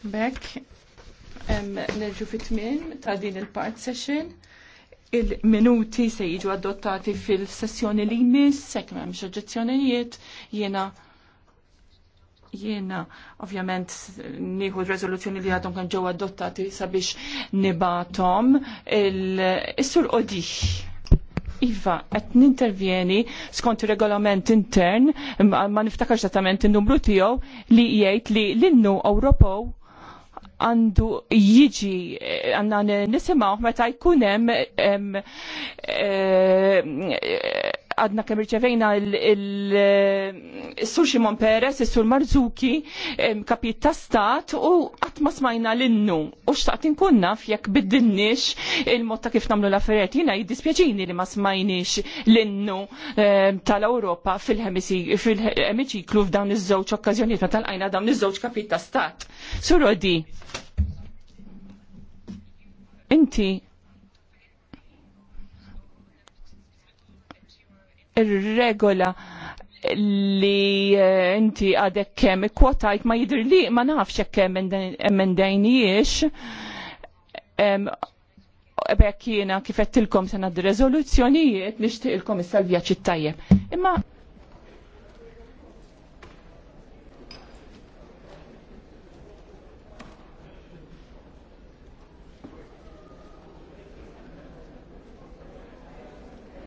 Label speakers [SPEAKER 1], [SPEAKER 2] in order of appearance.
[SPEAKER 1] Bekk, nerġu fit tmien ta' din il-part session. Il-minuti se jiġu adottati fil-sessjoni li jmiss, sekk m'hemmx oġġezzjonijiet, jiena jena ovvjament nieħu r-reżoluzzjoni li għadhom kan ġew adottati sabiex nibatom il-sur qodih. Iva, qed nintervjeni skont ir regolament intern, ma niftakarx esattament in-numru tiegħu li jgħid li l-innu Ewropew għandu jiġi għanna nisimaw meta jkunem eh, għadna kemm irċevejna il-sur Ximon Peres, il-sur Marzuki, kapit ta' stat u qatt ma smajna l-innu. U xtaqt inkun naf jekk biddinniex il motta kif nagħmlu l-affarijiet. Jiena jiddispjaċini li ma smajniex l-innu tal-Ewropa fil-emiċiklu f'dawn iż-żewġ okkażjonijiet ma' lqajna dawn iż-żewġ kapit ta' stat. Sur Rodi, inti ir-regola li eh, inti għadek kem ikkwotajt ma jidir li ma nafx jekk emendajniex bekk jiena kifettilkom sena d-rezoluzzjonijiet nixtieqilkom issa l ċittajje. tajjeb. Imma